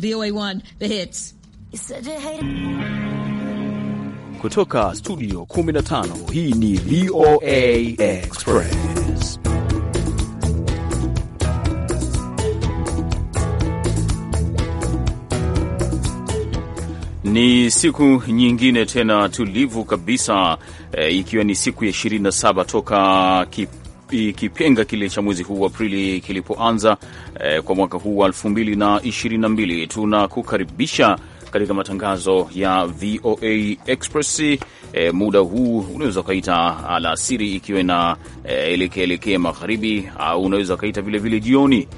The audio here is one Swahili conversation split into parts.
VOA1 The Hits. Kutoka studio 15 hii ni VOA Express. Ni siku nyingine tena tulivu kabisa e, ikiwa ni siku ya 27 toka kip ikipenga kile cha mwezi huu Aprili kilipoanza eh, kwa mwaka huu wa 2022. Tunakukaribisha katika matangazo ya VOA Express E, muda huu unaweza ukaita alasiri ikiwa na e, elekea elekea magharibi au unaweza ukaita vilevile jioni.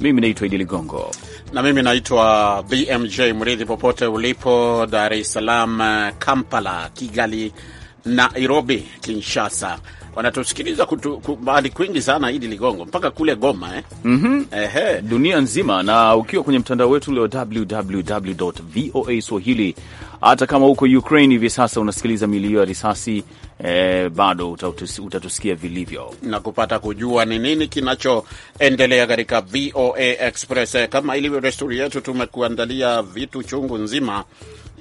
Mimi naitwa Idi Ligongo na mimi naitwa BMJ Mridhi, popote ulipo, Dar es Salaam, Kampala, Kigali, Nairobi, Kinshasa wanatusikiliza mahali kwingi sana, Idi Ligongo, mpaka kule Goma eh? mm -hmm. Ehe. Dunia nzima, na ukiwa kwenye mtandao wetu leo www voa swahili, hata kama huko Ukraine hivi sasa unasikiliza milio ya risasi eh, bado utatusikia, utatusikia vilivyo na kupata kujua ni nini kinachoendelea katika VOA Express. Eh, kama ilivyo desturi yetu, tumekuandalia vitu chungu nzima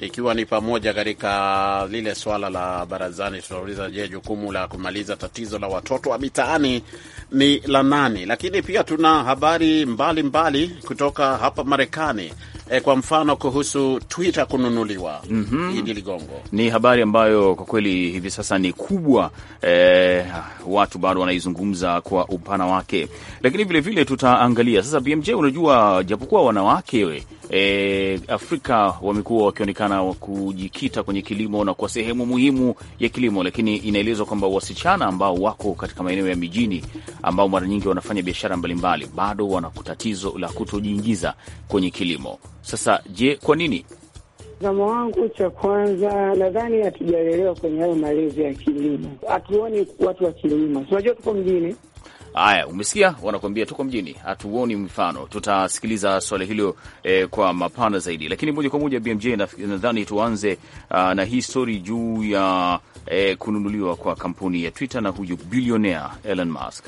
ikiwa ni pamoja katika lile swala la barazani, tunauliza je, jukumu la kumaliza tatizo la watoto wa mitaani ni la nani? Lakini pia tuna habari mbalimbali mbali kutoka hapa Marekani eh, kwa mfano kuhusu Twitter kununuliwa mm -hmm. Idi Ligongo, ni habari ambayo kwa kweli hivi sasa ni kubwa eh, watu bado wanaizungumza kwa upana wake, lakini vilevile tutaangalia sasa. BMJ, unajua japokuwa wanawake we, eh, E, Afrika wamekuwa wakionekana kujikita kwenye kilimo na kwa sehemu muhimu ya kilimo, lakini inaelezwa kwamba wasichana ambao wako katika maeneo ya mijini ambao mara nyingi wanafanya biashara mbalimbali bado wana tatizo la kutojiingiza kwenye kilimo. Sasa je, kwa nini? Mtazamo wangu, cha kwanza nadhani hatujalelewa kwenye hayo malezi ya kilimo, hatuoni watu wa kilimo. Tunajua tuko mjini. Haya, umesikia wanakuambia tuko mjini, hatuoni mfano. Tutasikiliza swala hilo eh, kwa mapana zaidi, lakini moja kwa moja BMJ, nadhani tuanze uh, na hii stori juu ya eh, kununuliwa kwa kampuni ya Twitter na huyu bilionea Elon Musk.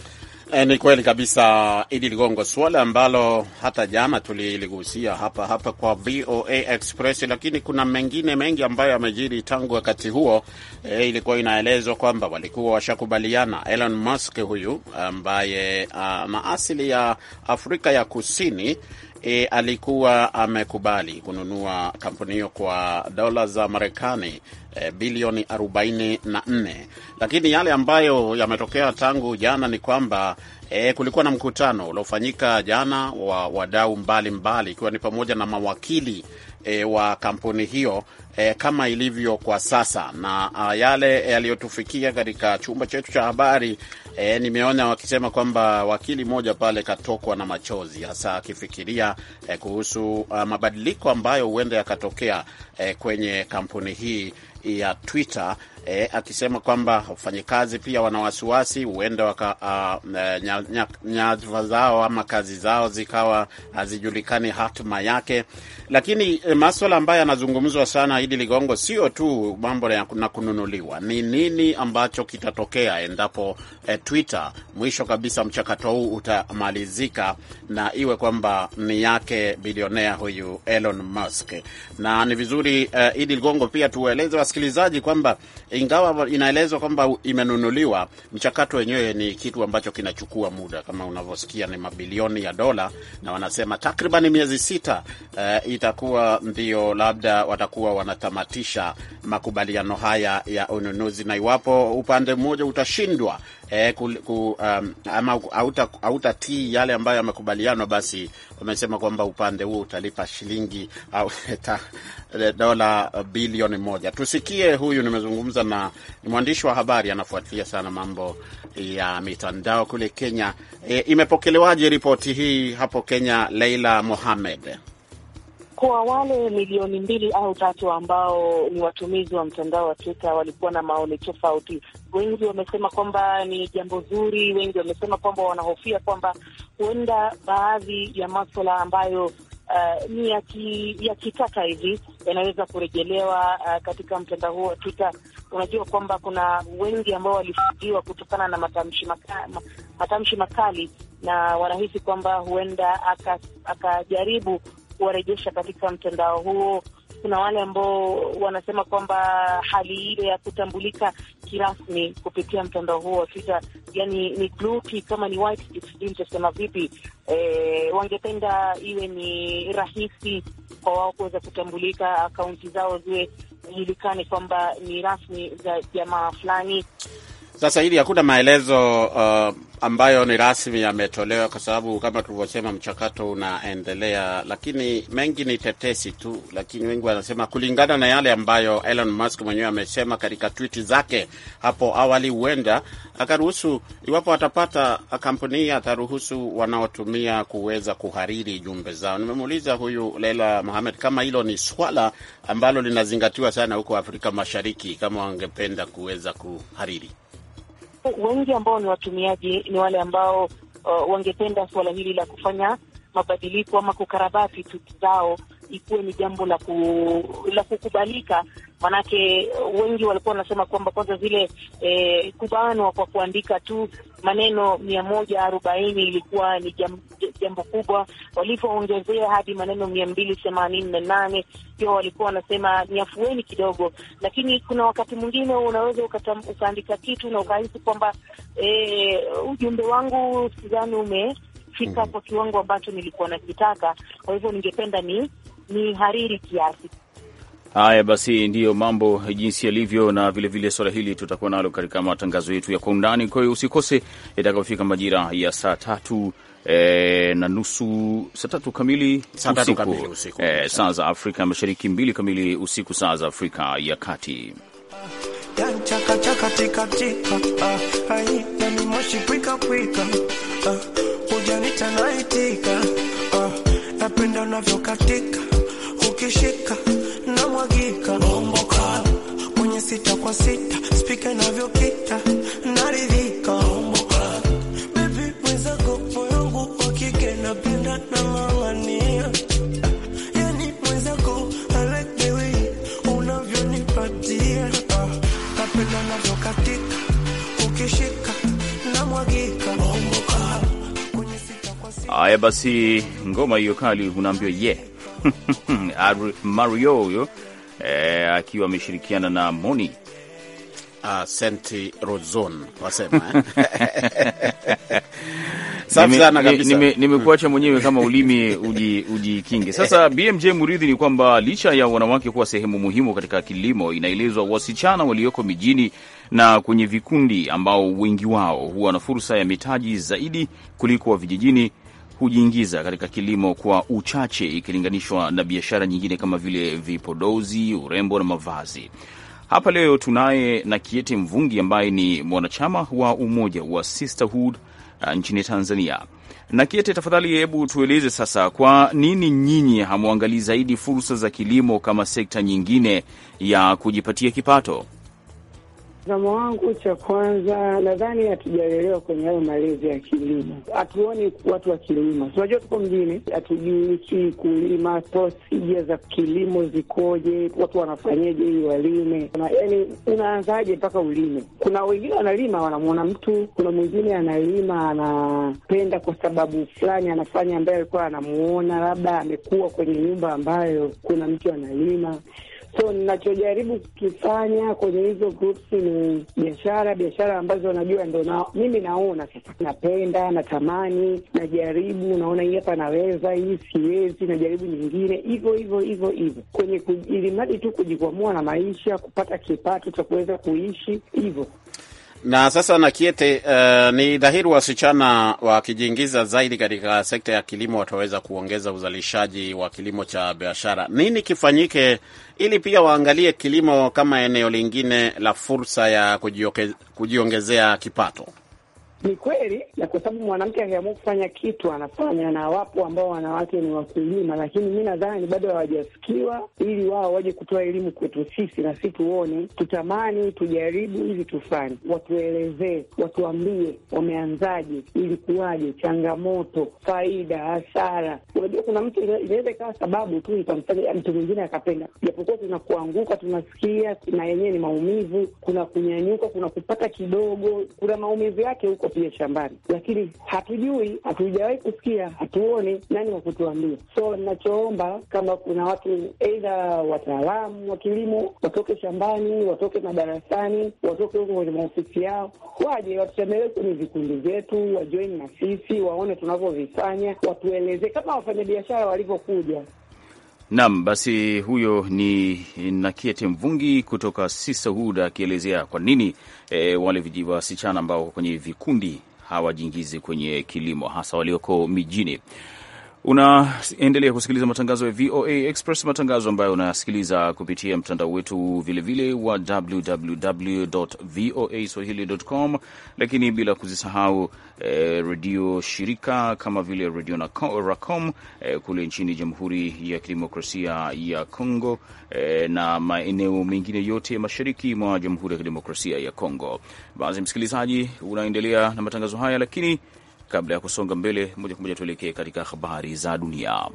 E, ni kweli kabisa Idi Ligongo, suala ambalo hata jana tuliligusia hapa hapa kwa VOA Express, lakini kuna mengine mengi ambayo yamejiri tangu wakati huo. E, ilikuwa inaelezwa kwamba walikuwa washakubaliana Elon Musk huyu ambaye na ah, asili ya Afrika ya Kusini e, alikuwa amekubali kununua kampuni hiyo kwa dola za Marekani e, bilioni 44, lakini yale ambayo yametokea tangu jana ni kwamba E, kulikuwa na mkutano uliofanyika jana wa wadau mbalimbali ikiwa ni pamoja na mawakili e, wa kampuni hiyo e, kama ilivyo kwa sasa, na a, yale yaliyotufikia katika chumba chetu cha habari e, nimeona wakisema kwamba wakili mmoja pale katokwa na machozi, hasa akifikiria e, kuhusu a, mabadiliko ambayo huenda yakatokea e, kwenye kampuni hii ya Twitter e, akisema kwamba wafanyakazi pia wana wasiwasi huenda waka uh, nyadhifa zao ama kazi zao zikawa hazijulikani hatima yake. Lakini e, maswala ambayo yanazungumzwa sana, Idi Ligongo, sio tu mambo na kununuliwa. Ni nini ambacho kitatokea endapo e, Twitter mwisho kabisa mchakato huu utamalizika na iwe kwamba ni yake bilionea huyu Elon Musk? Na ni vizuri e, Idi Ligongo, pia tuwaeleze wasikilizaji kwamba ingawa inaelezwa kwamba imenunuliwa, mchakato wenyewe ni kitu ambacho kinachukua muda, kama unavyosikia ni mabilioni ya dola, na wanasema takriban miezi sita uh, itakuwa ndio labda watakuwa wanatamatisha makubaliano haya ya ununuzi, na iwapo upande mmoja utashindwa eh, ku, ku, um, ama hautatii yale ambayo yamekubalianwa, basi wamesema kwamba upande huo utalipa shilingi au dola bilioni moja. Tusikie huyu, nimezungumza na mwandishi wa habari anafuatilia sana mambo ya mitandao kule Kenya. E, imepokelewaje ripoti hii hapo Kenya, Leila Mohamed? kwa wale milioni mbili au tatu ambao ni watumizi wa mtandao wa Twitter walikuwa na maoni tofauti. Wengi wamesema kwamba ni jambo zuri, wengi wamesema kwamba wanahofia kwamba huenda baadhi ya maswala ambayo uh, ni yakitaka ki, ya hivi yanaweza kurejelewa uh, katika mtandao huo wa Twitter. Unajua kwamba kuna wengi ambao walifujiwa kutokana na matamshi makali, matamshi makali na wanahisi kwamba huenda akajaribu aka kuwarejesha katika mtandao huo. Kuna wale ambao wanasema kwamba hali ile ya kutambulika kirasmi kupitia mtandao huo wa Twitter, yani ni grupi kama ni white nitasema vipi, e, wangependa iwe ni rahisi kwa wao kuweza kutambulika, akaunti zao ziwe zijulikane kwamba ni rasmi za jamaa fulani. Sasa hili hakuna maelezo uh, ambayo ni rasmi yametolewa, kwa sababu kama tulivyosema mchakato unaendelea, lakini mengi ni tetesi tu, lakini wengi wanasema kulingana na yale ambayo Elon Musk mwenyewe amesema katika twiti zake hapo awali, huenda akaruhusu, iwapo atapata kampuni hii, ataruhusu wanaotumia kuweza kuhariri jumbe zao. Nimemuuliza huyu Leila Mohamed kama hilo ni swala ambalo linazingatiwa sana huko Afrika Mashariki, kama wangependa kuweza kuhariri wengi ambao ni watumiaji ni wale ambao uh, wangependa suala hili la kufanya mabadiliko ama kukarabati tuki zao ikuwe ni jambo la ku, la kukubalika. Manake wengi walikuwa wanasema kwamba kwanza zile e, kubanwa kwa kuandika tu maneno mia moja arobaini ilikuwa ni jambo kubwa, walivyoongezea hadi maneno mia mbili themanini na nane pia walikuwa wanasema ni afueni kidogo, lakini kuna wakati mwingine unaweza ukaandika kitu na ukahisi kwamba e, ujumbe wangu sidhani ume fika mm-hmm. kwa kiwango ambacho nilikuwa nakitaka. Kwa hivyo ningependa ni ni hariri kiasi. Haya basi, ndiyo mambo jinsi yalivyo, na vilevile swala hili tutakuwa nalo katika matangazo yetu ya kwa undani. Kwa hiyo usikose itakapofika majira ya saa tatu E, na nusu saa tatu kamili saa usiku, kamili usiku, e, saa za Afrika Mashariki, mbili kamili usiku saa za Afrika ya Kati ukishika na mwagika bomboka kwenye sita kwa sita spika inavyokita naridhika bomboka baby mwenzako moyangu wa kike napenda na mangania yani mwenzako alekewi unavyonipatia napenda navyokatika ukishika na mwagika bomboka. aya basi, ngoma hiyo kali unaambiwa yeah. Mario huyo e, akiwa ameshirikiana na Moni ah, Senti Rozon wasema eh? Nimekuacha hmm. mwenyewe kama ulimi ujikinge uji. Sasa BMJ Muridhi, ni kwamba licha ya wanawake kuwa sehemu muhimu katika kilimo, inaelezwa wasichana walioko mijini na kwenye vikundi ambao wengi wao huwa na fursa ya mitaji zaidi kuliko wa vijijini hujiingiza katika kilimo kwa uchache ikilinganishwa na biashara nyingine kama vile vipodozi, urembo na mavazi. Hapa leo tunaye Nakiete Mvungi ambaye ni mwanachama wa umoja wa Sisterhood uh, nchini Tanzania. Nakiete, tafadhali hebu tueleze sasa, kwa nini nyinyi hamwangalii zaidi fursa za kilimo kama sekta nyingine ya kujipatia kipato? Mtazamo wangu, cha kwanza, nadhani hatujalelewa kwenye hayo malezi ya kilimo. Hatuoni watu wa kilimo, tunajua tuko mjini, hatujui kulima, posija za kilimo zikoje, watu wanafanyeje ili walime, yaani unaanzaje mpaka ulime. Kuna wengine wanalima, wanamwona mtu, kuna mwingine analima anapenda kwa sababu fulani anafanya, ambaye alikuwa anamuona, labda amekuwa kwenye nyumba ambayo kuna mtu analima So ninachojaribu kukifanya kwenye hizo groups ni biashara, biashara ambazo najua ndo na, mimi naona sasa napenda, natamani, najaribu, naona hii hapa naweza, hii siwezi, najaribu nyingine, hivyo hivyo hivyo hivyo, kwenye ili mradi tu kujikwamua na maisha, kupata kipato cha kuweza kuishi hivyo. Na sasa Nakiete, uh, eh, ni dhahiri wasichana wakijiingiza zaidi katika sekta ya kilimo wataweza kuongeza uzalishaji wa kilimo cha biashara. Nini kifanyike ili pia waangalie kilimo kama eneo lingine la fursa ya kujiongezea kipato? Ni kweli, na kwa sababu mwanamke akiamua kufanya kitu anafanya, na wapo ambao wanawake ni wakulima, lakini mi nadhani bado hawajasikiwa, ili wao waje kutoa elimu kwetu sisi, na si tuone, tutamani, tujaribu ili tufanye, watuelezee, watuambie wameanzaje, ilikuwaje, changamoto, faida, hasara. Unajua, kuna mtu inaweza ikawa sababu tu ikamfanya mtu mwingine akapenda, japokuwa kuna kuanguka tunasikia, na yenyewe ni maumivu, kuna kunyanyuka, kuna kupata kidogo, kuna maumivu yake huko pia shambani, lakini hatujui, hatujawahi kusikia, hatuoni nani wa kutuambia. So nachoomba kama kuna watu eidha wataalamu wa kilimo watoke shambani, watoke madarasani, watoke huko kwenye maofisi yao, waje watutembelee kwenye vikundi vyetu, wajoini na sisi, waone tunavyovifanya, watuelezee kama wafanyabiashara walivyokuja Nam, basi huyo ni Nakiete Mvungi kutoka sisahud akielezea kwa nini e, wale wasichana ambao kwenye vikundi hawajiingizi kwenye kilimo hasa walioko mijini. Unaendelea kusikiliza matangazo ya VOA Express, matangazo ambayo unasikiliza kupitia mtandao wetu vilevile wa www voa swahilicom, lakini bila kuzisahau eh, redio shirika kama vile redio Racom eh, kule nchini Jamhuri ya Kidemokrasia ya Kongo eh, na maeneo mengine yote mashariki mwa Jamhuri ya Kidemokrasia ya congo Basi msikilizaji, unaendelea na matangazo haya, lakini Kabla ya kusonga mbele, moja kwa moja tuelekee katika habari za dunia.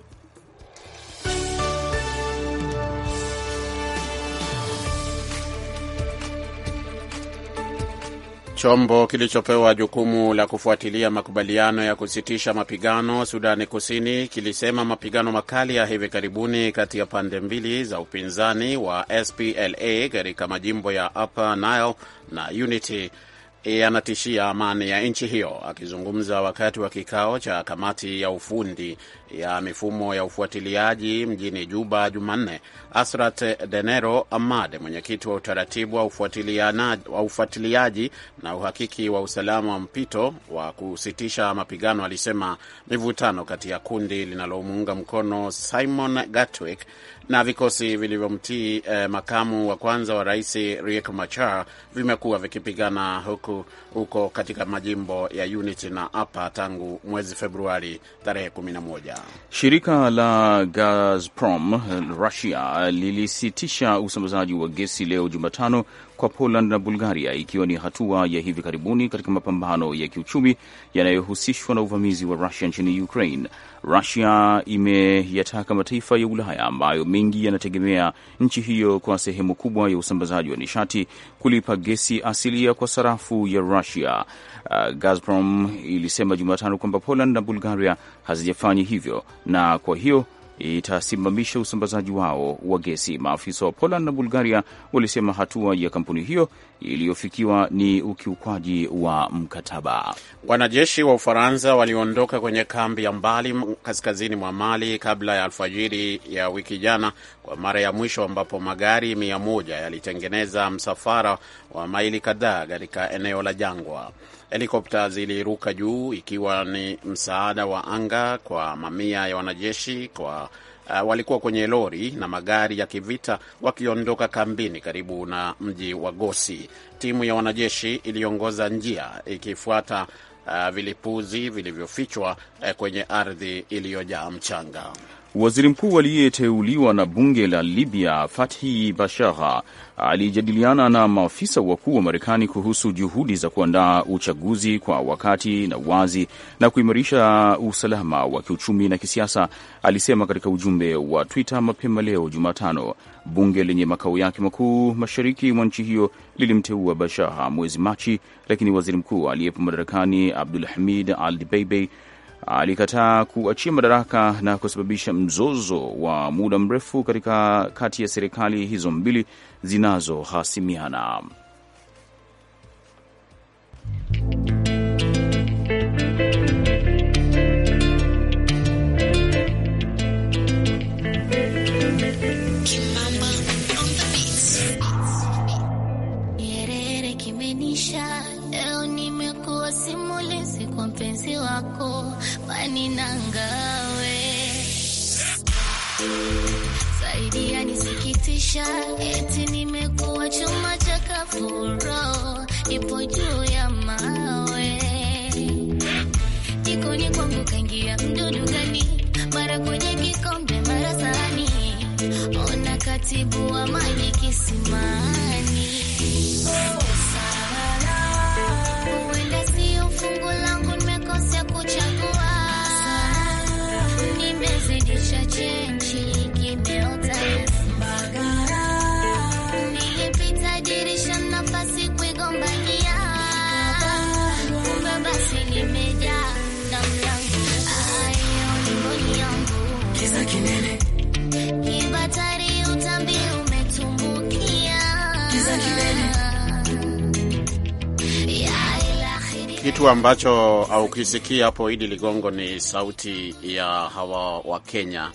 Chombo kilichopewa jukumu la kufuatilia makubaliano ya kusitisha mapigano Sudani Kusini kilisema mapigano makali ya hivi karibuni kati ya pande mbili za upinzani wa SPLA katika majimbo ya Upper Nile na Unity yanatishia e, amani ya nchi hiyo. Akizungumza wakati wa kikao cha kamati ya ufundi ya mifumo ya ufuatiliaji mjini Juba Jumanne, Asrat Denero amad mwenyekiti wa utaratibu wa ufuatiliaji na uhakiki wa usalama wa mpito wa kusitisha mapigano, alisema mivutano kati ya kundi linalomuunga mkono Simon Gatwick na vikosi vilivyomtii eh, makamu wa kwanza wa rais Riek Machar vimekuwa vikipigana huku huko katika majimbo ya Unity na Apa tangu mwezi Februari tarehe 11. Shirika la Gazprom eh, Russia lilisitisha usambazaji wa gesi leo Jumatano kwa Poland na Bulgaria, ikiwa ni hatua ya hivi karibuni katika mapambano ya kiuchumi yanayohusishwa na uvamizi wa Rusia nchini Ukraine. Rusia imeyataka mataifa ya Ulaya ambayo mengi yanategemea nchi hiyo kwa sehemu kubwa ya usambazaji wa nishati kulipa gesi asilia kwa sarafu ya Rusia. Uh, Gazprom ilisema Jumatano kwamba Poland na Bulgaria hazijafanyi hivyo na kwa hiyo itasimamisha usambazaji wao wa gesi. Maafisa wa Poland na Bulgaria walisema hatua ya kampuni hiyo iliyofikiwa ni ukiukwaji wa mkataba. Wanajeshi wa Ufaransa waliondoka kwenye kambi ya mbali kaskazini mwa Mali kabla ya alfajiri ya wiki jana kwa mara ya mwisho, ambapo magari mia moja yalitengeneza msafara wa maili kadhaa katika eneo la jangwa. Helikopta ziliruka juu ikiwa ni msaada wa anga kwa mamia ya wanajeshi kwa Uh, walikuwa kwenye lori na magari ya kivita wakiondoka kambini karibu na mji wa Gosi. Timu ya wanajeshi iliongoza njia ikifuata uh, vilipuzi vilivyofichwa uh, kwenye ardhi iliyojaa mchanga. Waziri mkuu aliyeteuliwa na bunge la Libya Fathi Bashagha alijadiliana na maafisa wakuu wa Marekani kuhusu juhudi za kuandaa uchaguzi kwa wakati na uwazi na kuimarisha usalama wa kiuchumi na kisiasa, alisema katika ujumbe wa Twitter mapema leo Jumatano. Bunge lenye makao yake makuu mashariki mwa nchi hiyo lilimteua Bashaha mwezi Machi, lakini waziri mkuu aliyepo madarakani Abdul Hamid Al Dbeibeh alikataa kuachia madaraka na kusababisha mzozo wa muda mrefu katika kati ya serikali hizo mbili zinazohasimiana. mpenzi wako pani nangawe zaidi yanisikitisha, eti nimekuwa chuma cha kafuro, ipo juu ya mawe jikoni kwangu kaingia mdudu gani? Mara kwenye kikombe, mara sahani, ona katibu wa maji kisimani oh. Kitu ambacho aukisikia hapo Idi Ligongo ni sauti ya hawa wa Kenya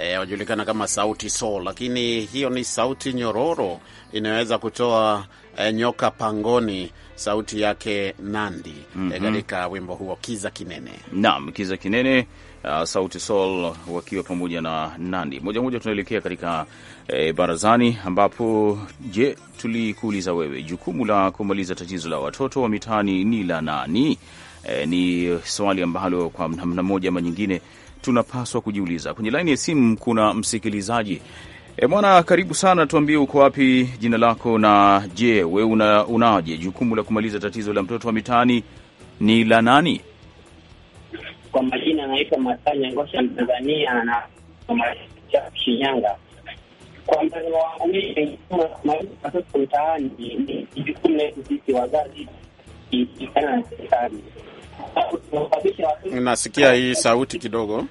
e, wajulikana kama Sauti so lakini hiyo ni sauti nyororo, inayoweza kutoa e, nyoka pangoni sauti yake Nandi mhm. e, katika mm -hmm. e, wimbo huo kiza kinene. Naam, kiza kinene uh, Sauti Sol wakiwa pamoja na Nandi. Moja moja tunaelekea katika eh, barazani, ambapo je, tulikuuliza wewe, jukumu la kumaliza tatizo la watoto wa mitaani ni la nani? Eh, ni swali ambalo kwa namna moja ama nyingine tunapaswa kujiuliza. Kwenye laini ya simu kuna msikilizaji E, mwana karibu sana, tuambie uko wapi, jina lako na je, we una, unaje? Jukumu la kumaliza tatizo la mtoto wa mitaani ni la nani? kwa majina anaitwa Masanya Ngosha, Mtanzania na Shinyanga. Kwa mtazamo wangu mimi, watoto mtaani ni jukumu letu sisi wazazi ikiana na serikali Nasikia hii sauti kidogo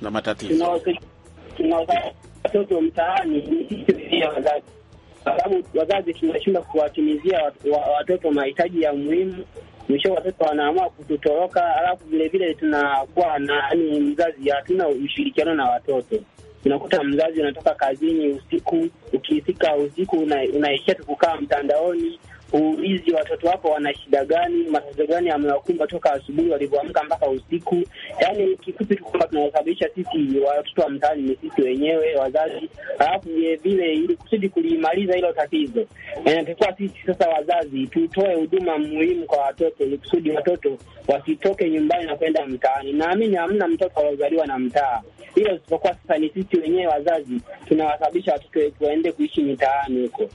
na matatizo. watoto mtaani sisi wazazi, kwa sababu wazazi tunashindwa kuwatimizia watoto mahitaji ya muhimu mwisho watoto wanaamua kututoroka, alafu vilevile tunakuwa na yaani, mzazi hatuna ushirikiano na watoto. Unakuta mzazi unatoka kazini usiku, ukifika usiku unaishia una tu kukaa mtandaoni, uulizi watoto wako wana shida gani, matatizo gani amewakumba toka asubuhi walivyoamka mpaka usiku. Yani kikupi tu kwamba tunawasababisha sisi watoto wa mtaani ni sisi wenyewe wazazi, alafu vilevile, ili kusudi kulimaliza hilo tatizo, inatakiwa eh, sisi sasa wazazi tutoe huduma muhimu kwa watoto, ili kusudi watoto wasitoke nyumbani na kwenda mtaani. Naamini hamna mtoto aliozaliwa na mtaa, hilo isipokuwa sasa ni sisi wenyewe wazazi tunawasababisha watoto wetu waende kuishi mitaani huko.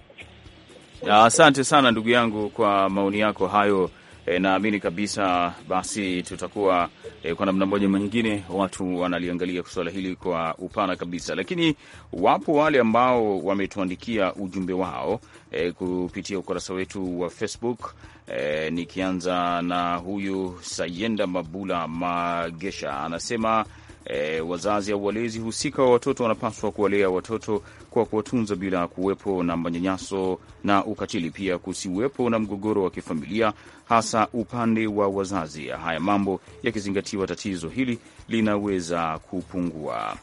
Asante sana ndugu yangu kwa maoni yako hayo. E, naamini kabisa basi tutakuwa e, kwa namna moja mwingine watu wanaliangalia suala hili kwa upana kabisa, lakini wapo wale ambao wametuandikia ujumbe wao e, kupitia ukurasa wetu wa Facebook. E, nikianza na huyu Sayenda Mabula Magesha anasema E, wazazi au walezi husika wa watoto wanapaswa kuwalea watoto kwa kuwatunza bila kuwepo na manyanyaso na ukatili, pia kusiwepo na mgogoro wa kifamilia, hasa upande wa wazazi. Haya mambo yakizingatiwa, tatizo hili linaweza kupungua.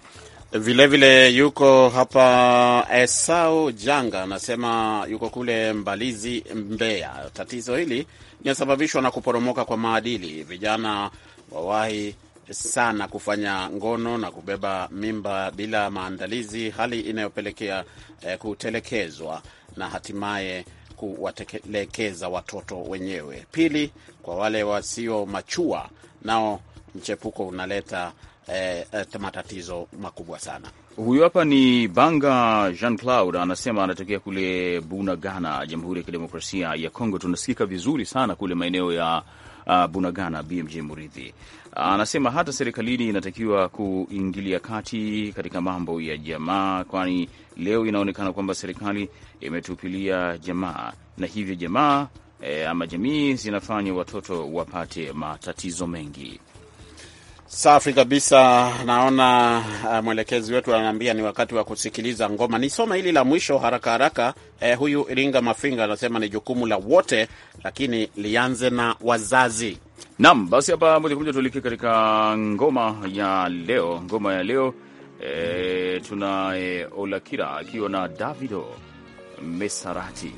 Vilevile vile yuko hapa Esau Janga anasema yuko kule Mbalizi, Mbeya. Tatizo hili linasababishwa na kuporomoka kwa maadili, vijana wawahi sana kufanya ngono na kubeba mimba bila maandalizi, hali inayopelekea eh, kutelekezwa na hatimaye kuwatelekeza watoto wenyewe. Pili, kwa wale wasio machua, nao mchepuko unaleta eh, eh matatizo makubwa sana. Huyu hapa ni Banga Jean Claude, anasema anatokea kule Bunagana, Jamhuri ya Kidemokrasia ya Kongo. Tunasikika vizuri sana kule maeneo ya uh, Bunagana BMJ Muridhi uh, anasema hata serikalini inatakiwa kuingilia kati katika mambo ya jamaa, kwani leo inaonekana kwamba serikali imetupilia jamaa na hivyo jamaa e, ama jamii zinafanya watoto wapate matatizo mengi. Safi kabisa. Naona uh, mwelekezi wetu ananiambia ni wakati wa kusikiliza ngoma. Nisome hili la mwisho haraka haraka. Eh, huyu Iringa Mafinga anasema ni jukumu la wote, lakini lianze na wazazi. Naam, basi hapa moja kwa moja tuelekee katika ngoma ya leo. Ngoma ya leo eh, tuna eh, Olakira akiwa na Davido Mesarati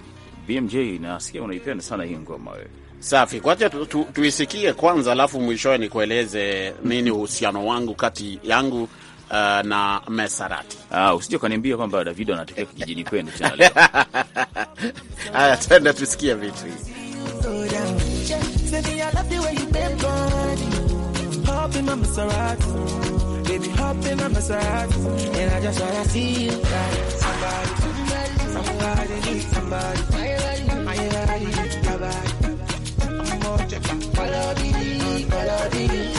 BMJ. Nasikia unaipenda sana hii ngoma wewe. Safi, kwacha tu, tu, tuisikie kwanza, alafu mwishowe nikueleze nini uhusiano wangu kati yangu Uh, na Mesarati. Ah, usije kaniambia kwamba Davido anatokea kijijini kwenu tena leo. Haya, tenda tusikie vitu hivi. Follow the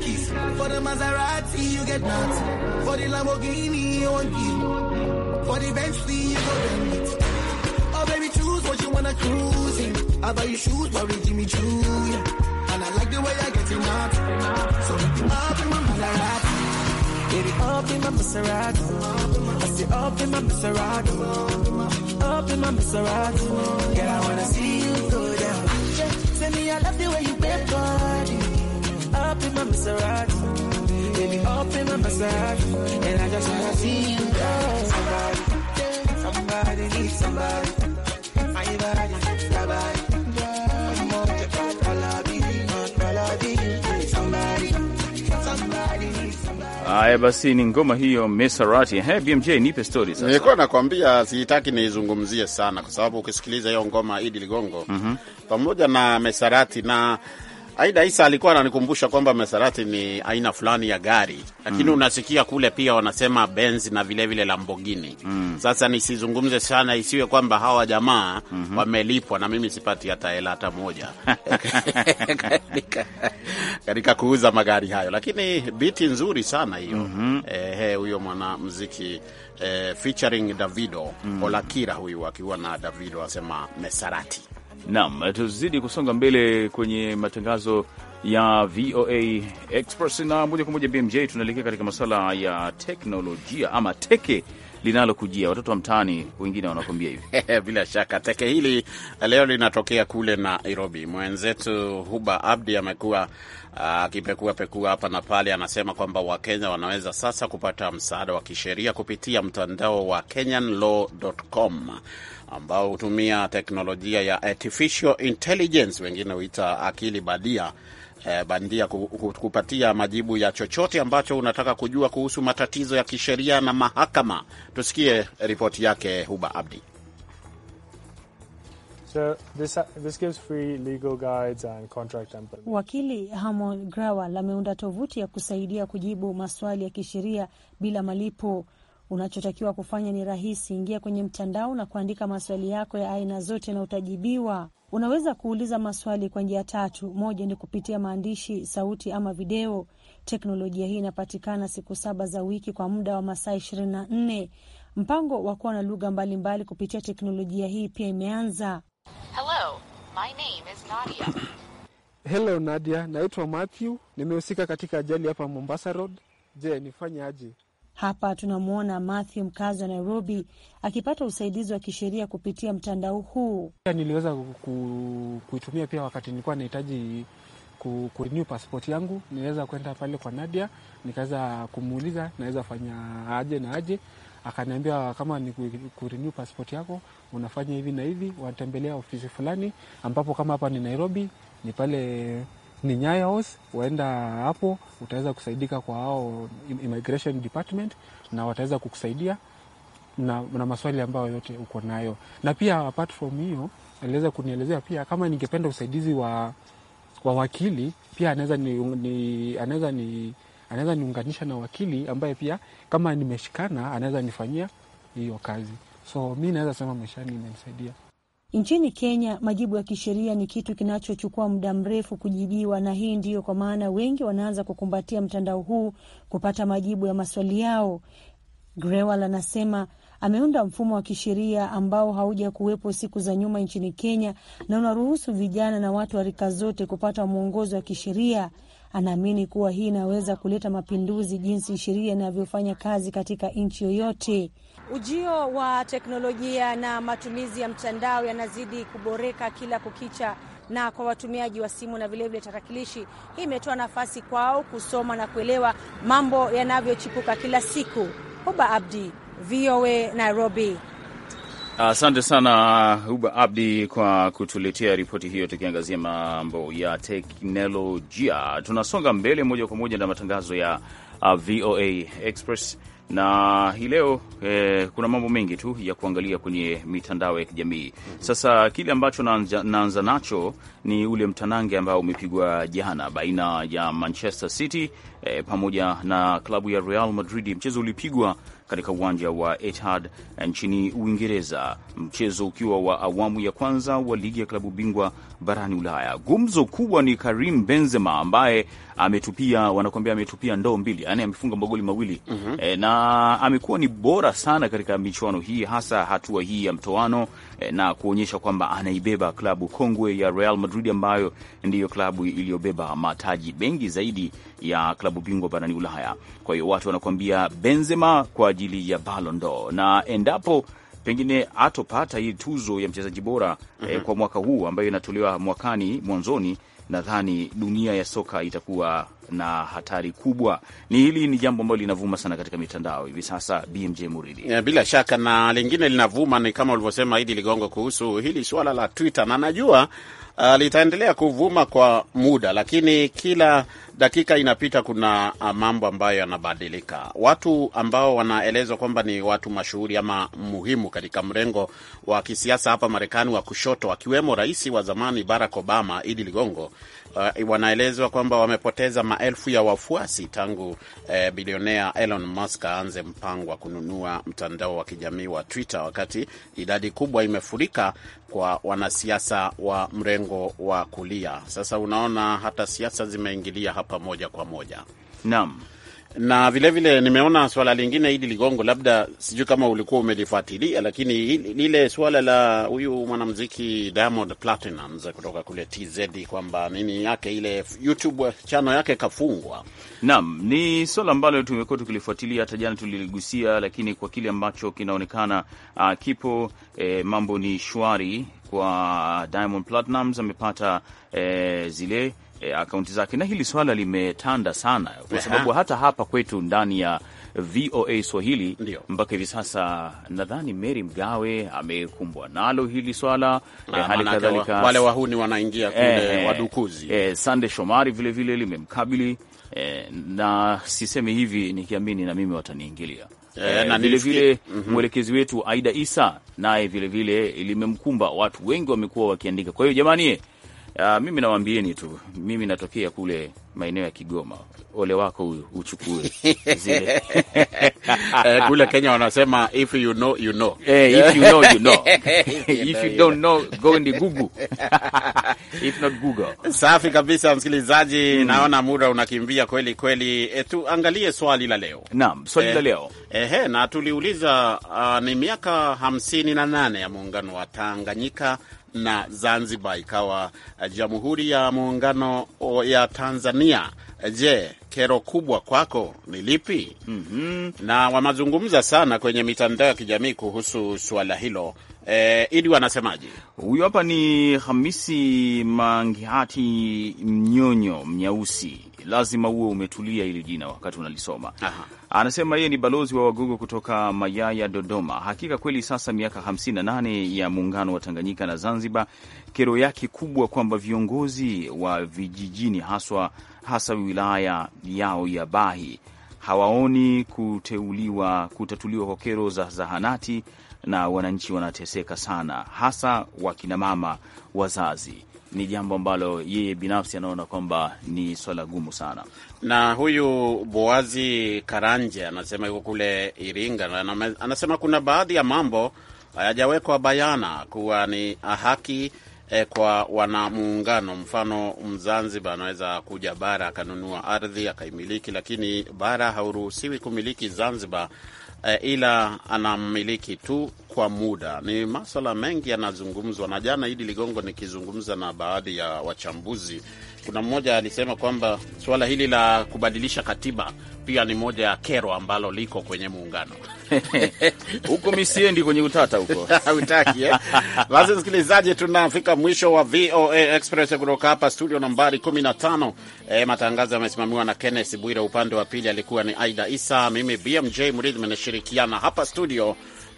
keys. For the Maserati, you get nuts. For the Lamborghini, you want keys. For the Bentley, you go bend it. Oh, baby, choose what you wanna cruise in. I buy you shoes, worry Jimmy Choo, yeah. And I like the way I get you up. So up in my Maserati. Baby, up in my Maserati. I say up in my Maserati. Up in my Maserati. Girl, I wanna see you go down. Tell me I love the way you bend, God. aya Baby, my and I just wanna see you go. Somebody, somebody needs somebody. somebody. Haya basi, ni ngoma hiyo Mesarati. Hey, BMJ nipe story sasa. Nilikuwa nakwambia sitaki niizungumzie sana, kwa sababu ukisikiliza hiyo ngoma Idi Ligongo mm -hmm. pamoja na Mesarati na Aida Isa alikuwa ananikumbusha kwamba Maserati ni aina fulani ya gari, lakini mm. unasikia kule pia wanasema Benz na vilevile vile Lamborghini mm. Sasa nisizungumze sana, isiwe kwamba hawa jamaa mm -hmm. wamelipwa na mimi sipati hata hela hata moja katika kuuza magari hayo, lakini biti nzuri sana hiyo mm -hmm. huyo eh, mwanamuziki eh, featuring Davido mm -hmm. Olakira huyu akiwa na Davido asema Maserati Naam, tuzidi kusonga mbele kwenye matangazo ya VOA Express na moja kwa moja BMJ, tunaelekea katika masuala ya teknolojia ama teke linalokujia watoto wa mtaani, wengine wanakuambia hivi bila shaka teke hili leo linatokea kule Nairobi. Mwenzetu Huba Abdi amekuwa ah, akipekua pekua hapa na pale, anasema kwamba Wakenya wanaweza sasa kupata msaada wa kisheria kupitia mtandao wa kenyanlaw.com ambao hutumia teknolojia ya artificial intelligence, wengine huita akili badia eh, bandia kupatia majibu ya chochote ambacho unataka kujua kuhusu matatizo ya kisheria na mahakama. Tusikie ripoti yake Huba Abdi. So this, this gives free legal guides and contract templates. Wakili Hamon Grawal ameunda tovuti ya kusaidia kujibu maswali ya kisheria bila malipo. Unachotakiwa kufanya ni rahisi: ingia kwenye mtandao na kuandika maswali yako ya aina zote na utajibiwa. Unaweza kuuliza maswali kwa njia tatu. Moja ni kupitia maandishi, sauti ama video. Teknolojia hii inapatikana siku saba za wiki kwa muda wa masaa ishirini na nne. Mpango wa kuwa na lugha mbalimbali kupitia teknolojia hii pia imeanza. Hello, my name is Nadia. Hello Nadia, naitwa Matthew, nimehusika katika ajali hapa Mombasa Road. Je, nifanye aje? Hapa tunamwona Matthew, mkazi wa Nairobi, akipata usaidizi wa kisheria kupitia mtandao huu. Niliweza kuitumia pia wakati nilikuwa nahitaji kurenew passport yangu, niliweza kwenda pale kwa Nadia, nikaweza kumuuliza naweza fanya aje na aje. Akaniambia kama ni kurenew passport yako unafanya hivi na hivi, watembelea ofisi fulani ambapo kama hapa ni Nairobi, ni pale ni Nyayo House. Waenda hapo utaweza kusaidika kwa hao immigration department, na wataweza kukusaidia na, na maswali ambayo yote uko nayo, na pia apart from hiyo aliweza kunielezea pia kama ningependa usaidizi wa, wa wakili pia anaweza ni, anaweza ni anaweza niunganisha na wakili ambaye pia kama nimeshikana anaweza nifanyia hiyo kazi. So mi naweza sema maishani imenisaidia. Nchini Kenya, majibu ya kisheria ni kitu kinachochukua muda mrefu kujibiwa, na hii ndiyo kwa maana wengi wanaanza kukumbatia mtandao huu kupata majibu ya maswali yao. Grewal anasema ameunda mfumo wa kisheria ambao hauja kuwepo siku za nyuma nchini Kenya na unaruhusu vijana na watu wa rika zote kupata mwongozo wa kisheria. Anaamini kuwa hii inaweza kuleta mapinduzi jinsi sheria inavyofanya kazi katika nchi yoyote. Ujio wa teknolojia na matumizi ya mtandao yanazidi kuboreka kila kukicha, na kwa watumiaji wa simu na vilevile tarakilishi, hii imetoa nafasi kwao kusoma na kuelewa mambo yanavyochipuka kila siku. Huba Abdi, VOA Nairobi. Asante sana Huba Abdi kwa kutuletea ripoti hiyo, tukiangazia mambo ya teknolojia. Tunasonga mbele moja kwa moja na matangazo ya uh, VOA Express na hii leo eh, kuna mambo mengi tu ya kuangalia kwenye mitandao ya kijamii. Sasa kile ambacho naanza nacho ni ule mtanange ambao umepigwa jana baina ya Manchester City eh, pamoja na klabu ya Real Madrid. Mchezo ulipigwa katika uwanja wa Etihad eh, nchini Uingereza, mchezo ukiwa wa awamu ya kwanza wa ligi ya klabu bingwa barani Ulaya. Gumzo kubwa ni Karim Benzema ambaye ametupia, wanakuambia ametupia ndoo mbili, yani amefunga magoli mawili mm -hmm. E, na amekuwa ni bora sana katika michuano hii, hasa hatua hii ya mtoano e, na kuonyesha kwamba anaibeba klabu kongwe ya Real Madrid ambayo ndiyo klabu iliyobeba mataji mengi zaidi ya klabu bingwa barani Ulaya. Kwa hiyo watu wanakuambia Benzema kwa ajili ya Ballon d'Or na endapo pengine atopata hii tuzo ya mchezaji bora mm -hmm. eh, mhm. kwa mwaka huu ambayo inatolewa mwakani mwanzoni, nadhani dunia ya soka itakuwa na hatari kubwa. Ni hili ni jambo ambalo linavuma sana katika mitandao hivi sasa, BMJ Muridi. Eh, bila shaka na lingine linavuma ni kama ulivyosema Idi Ligongo, kuhusu hili suala la Twitter, na najua uh, litaendelea kuvuma kwa muda, lakini kila dakika inapita, kuna ah, mambo ambayo yanabadilika. Watu ambao wanaelezwa kwamba ni watu mashuhuri ama muhimu katika mrengo wa kisiasa hapa Marekani wa kushoto, akiwemo rais wa zamani Barack Obama, Idi Ligongo uh, wanaelezwa kwamba wamepoteza maelfu ya wafuasi tangu uh, bilionea Elon Musk aanze mpango wa kununua mtandao wa kijamii wa Twitter, wakati idadi kubwa imefurika kwa wanasiasa wa mrengo wa kulia. Sasa unaona hata siasa zimeingilia hapa moja kwa moja. Naam na vilevile vile, nimeona swala lingine hili ligongo, labda sijui kama ulikuwa umelifuatilia, lakini lile swala la huyu mwanamuziki Diamond Platnumz kutoka kule TZ kwamba nini yake ile YouTube chano yake kafungwa. Naam, ni swala ambalo tumekuwa tukilifuatilia, hata jana tuliligusia, lakini kwa kile ambacho kinaonekana uh, kipo eh, mambo ni shwari kwa Diamond Platnumz amepata eh, zile e, akaunti zake, na hili swala limetanda sana kwa sababu hata hapa kwetu ndani ya VOA Swahili mpaka hivi sasa nadhani Mary Mgawe amekumbwa nalo hili swala e, na, e, hali kadhalika wale wahuni wanaingia kule e, wadukuzi e, Sande Shomari vilevile limemkabili e, na sisemi hivi nikiamini na mimi wataniingilia E, e vile, mm -hmm. Mwelekezi wetu Aida Isa naye vilevile limemkumba, watu wengi wamekuwa wakiandika. Kwa hiyo jamani Uh, mimi nawaambieni tu, mimi natokea kule maeneo ya Kigoma. Ole wako huyu, uchukue zile eh, kule Kenya wanasema if you know you know, hey, eh, if you know you know if you don't know go in the Google if not Google. Safi kabisa, msikilizaji mm. Naona muda unakimbia kweli kweli. E, tuangalie swali la leo. Naam, swali e, la leo ehe, na tuliuliza uh, ni miaka hamsini na nane ya muungano wa Tanganyika na Zanzibar ikawa eh, Jamhuri ya Muungano ya Tanzania. Eh, je, kero kubwa kwako ni lipi? mm -hmm. Na wamazungumza sana kwenye mitandao ya kijamii kuhusu suala hilo. E, eh, ili wanasemaje? Huyu hapa ni Hamisi Mangihati Mnyonyo Mnyausi lazima uwe umetulia hili jina wakati unalisoma. Aha. Anasema yeye ni balozi wa Wagogo kutoka Mayaya, Dodoma. Hakika kweli, sasa miaka 58 ya muungano wa Tanganyika na Zanzibar, kero yake kubwa kwamba viongozi wa vijijini haswa hasa wilaya yao ya Bahi hawaoni kuteuliwa kutatuliwa kwa kero za zahanati na wananchi wanateseka sana, hasa wakinamama wazazi ni jambo ambalo yeye binafsi anaona kwamba ni swala gumu sana. Na huyu Boazi Karanje anasema yuko kule Iringa anasema kuna baadhi ya mambo hayajawekwa bayana kuwa ni haki E, kwa wanamuungano, mfano Mzanzibar anaweza kuja bara akanunua ardhi akaimiliki, lakini bara hauruhusiwi kumiliki Zanzibar, e, ila anamiliki tu kwa muda. Ni maswala mengi yanazungumzwa, na jana Idi Ligongo, nikizungumza na baadhi ya wachambuzi, kuna mmoja alisema kwamba suala hili la kubadilisha katiba pia ni moja ya kero ambalo liko kwenye muungano huko. Misiendi kwenye utata huko utaki eh? Basi msikilizaji, tunafika mwisho wa VOA Express kutoka hapa studio nambari 15. E, eh, matangazo yamesimamiwa na Kenneth Bwire, upande wa pili alikuwa ni Aida Isa, mimi BMJ Mridhi, meneshirikiana hapa studio